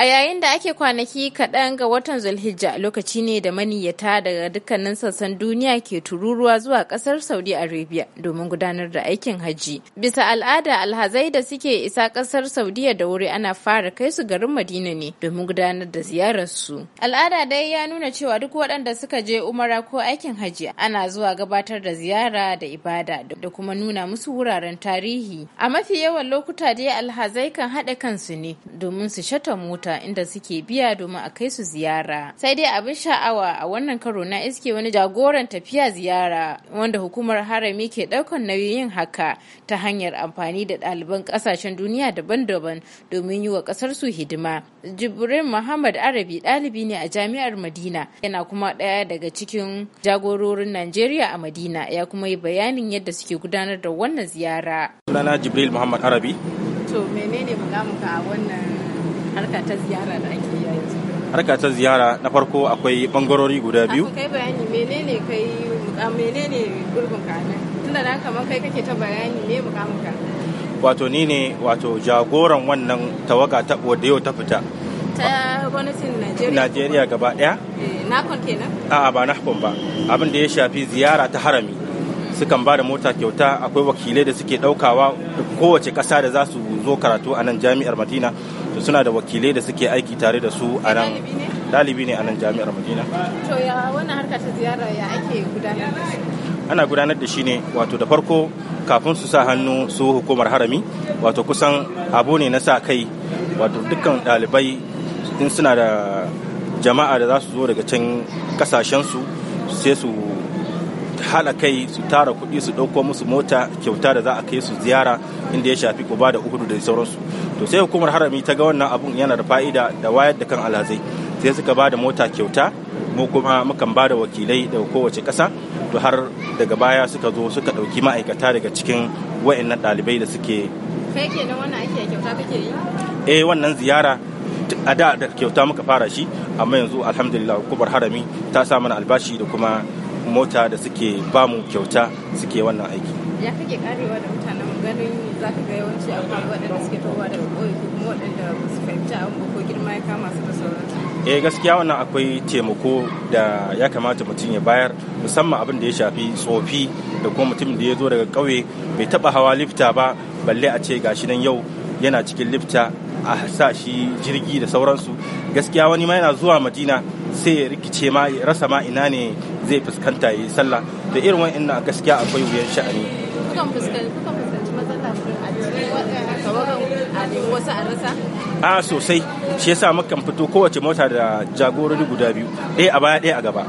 A yayin da ake kwanaki kaɗan ga watan Zulhijja lokaci ne da maniyyata daga dukkanin sassan duniya ke tururuwa zuwa ƙasar Saudi Arabia domin gudanar da aikin hajji. Bisa al'ada alhazai da suke isa ƙasar Saudiya da wuri ana fara kai su garin Madina ne domin gudanar da ziyarar su. Al'ada dai ya nuna cewa duk waɗanda suka je umara ko aikin hajji ana zuwa gabatar da ziyara da ibada da kuma nuna musu wuraren tarihi. A mafi yawan lokuta dai alhazai kan haɗa kansu ne domin su shata mota mota inda suke biya domin a kai su ziyara. Sai dai abin sha'awa a wannan karo na iske wani jagoran tafiya ziyara wanda hukumar harami ke daukan nauyin haka ta hanyar amfani da ɗaliban ƙasashen duniya daban-daban domin yi wa ƙasar su hidima. Jibrin Muhammad Arabi ɗalibi ne a jami'ar Madina yana kuma ɗaya daga cikin jagororin Najeriya a Madina ya kuma yi bayanin yadda suke gudanar da wannan ziyara. Sunana Jibril Muhammad Arabi. To menene muka a wannan harka ta ziyara da ake yanzu harka ta ziyara na farko akwai bangarori guda biyu kai bayani menene kai menene gurbin kanan tunda da kamar kai kake ta bayani me mukamin ka wato ni ne wato jagoran wannan tawaga ta wadda yau ta fita ta gwamnatin Najeriya. Najeriya gaba ɗaya? Eh, nakon kenan? A'a ba nakon ba. Abin da ya shafi ziyara ta harami. Sukan ba da mota kyauta akwai wakilai da suke daukawa kowace ƙasa da za su zo karatu a nan jami'ar Madina to suna da wakilai da suke aiki tare da su a nan dalibi ne a nan jami'ar madina to ya wannan harka ta ziyara ya ake gudanar da shi ana gudanar da shi ne wato da farko kafin su sa hannu su hukumar harami wato kusan abu ne na sa kai wato dukkan dalibai in suna da jama'a da za su zo daga can kasashen su sai su hada kai su tara kuɗi su ɗauko musu mota kyauta da za a kai su ziyara inda ya shafi kuba da uhudu da sauransu to sai hukumar harami ta ga wannan abun yana da fa'ida da wayar da kan alhazai sai suka ba da mota kyauta mu kuma mukan ba da wakilai daga kowace ƙasa to har daga baya suka zo suka ɗauki ma'aikata daga cikin wa'annan ɗalibai da suke kai kenan wannan ake kyauta kake yi eh wannan ziyara a da kyauta muka fara shi amma yanzu alhamdulillah hukumar harami ta sa mana albashi da kuma mota da suke mu kyauta suke wannan aiki ya kake karewa da mutanen ganin za ka ga yawanci akwai waɗanda suke towa daga ƙoyi kuma waɗanda ba su fahimci abin ko girma ya kama su da sauransu eh gaskiya wannan akwai taimako da ya kamata mutum ya bayar musamman abin da ya shafi tsofi da kuma mutumin da ya zo daga ƙauye bai taɓa hawa lifta ba balle a ce gashi nan yau yana cikin lifta a sa shi jirgi da sauransu gaskiya wani ma yana zuwa madina sai ya rikice ma rasa ma ina ne zai fuskanta yi sallah da irin wa'in a gaskiya akwai wuyan sha'ani a sosai shi yasa mukan fito kowace mota da jagorori guda biyu ɗaya a baya ɗaya a gaba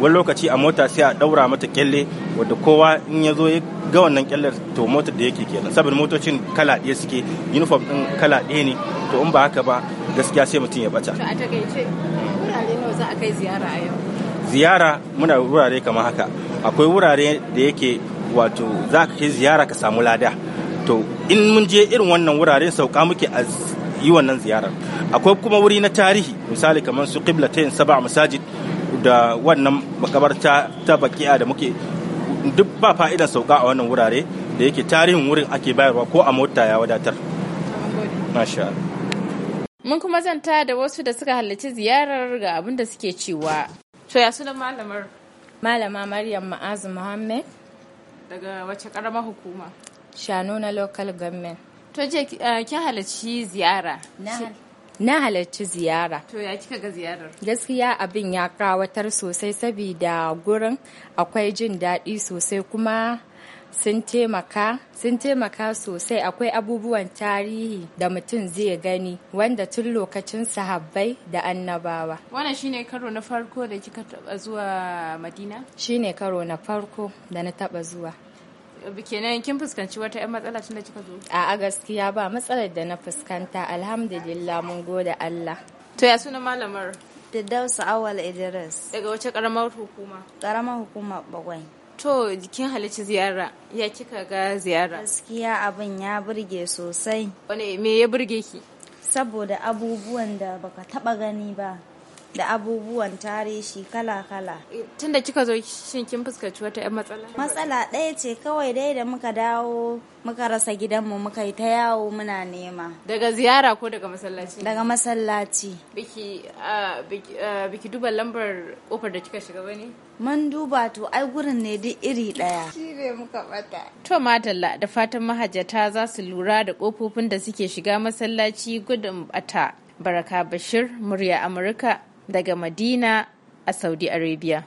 wani lokaci a mota sai a ɗaura mata kyalle wadda kowa in ya zo ya ga wannan kyallar to motar da yake kenan saboda motocin kala ɗaya suke uniform ɗin kala ɗaya ne to in ba haka ba gaskiya sai mutum ya bata to a takaice wurare nawa za a kai ziyara a yau ziyara muna wurare kamar haka akwai wurare da yake wato za ka kai ziyara ka samu lada to in mun je irin wannan wuraren sauka muke a yi wannan ziyarar akwai kuma wuri na tarihi misali kamar su qiblatain saba masajid da wannan makabarta ta bakiya da muke duk ba fa'idan sauka a wannan wurare da yake tarihin wurin ake bayarwa ko a mota ya wadatar Mun kuma zanta da wasu da suka halarci ziyarar ga abin da suke cewa. To ya sunan malamar? Malama Maryam Ma'azu Muhammad. Daga wace karama hukuma? Shano na local government. To je eh, kin halarci ziyara? Na halarci ziyara. To ya kika ga ziyarar? Gaskiya abin ya kawatar sosai saboda gurin akwai jin daɗi sosai kuma sun taimaka sun taimaka sosai akwai abubuwan tarihi da mutum zai gani wanda tun lokacin sahabbai da annabawa wannan shine karo na farko da kika taba zuwa madina shine karo na farko da na taba zuwa kenan kin fuskanci wata 'yan matsala tun da kika zo a gaskiya ba matsalar da na fuskanta alhamdulillah mun gode Allah to ya suna malamar Firdausu Awal Idris daga wace karamar hukuma karamar hukuma Bagwai To jikin halicci ziyara ya kika ga ziyara? Gaskiya abin ya burge sosai. Wane me ya burge ki? Saboda abubuwan da baka taba gani ba. da abubuwan tarihi kala-kala. Tunda kika zo shin kin fuskanci wata 'yan matsala? Matsala ɗaya ce kawai dai da muka dawo muka rasa gidanmu muka yi ta yawo muna nema. Daga ziyara ko daga masallaci? Daga masallaci. Biki, biki, duba lambar kofar da kika shiga bane? Mun duba to ai gurin ne duk iri ɗaya. Shi ne muka bata. To madalla da fatan mahajjata za su lura da kofofin da suke shiga masallaci gudun bata. Baraka Bashir, murya Amurka, daga Madina a Saudi Arabia.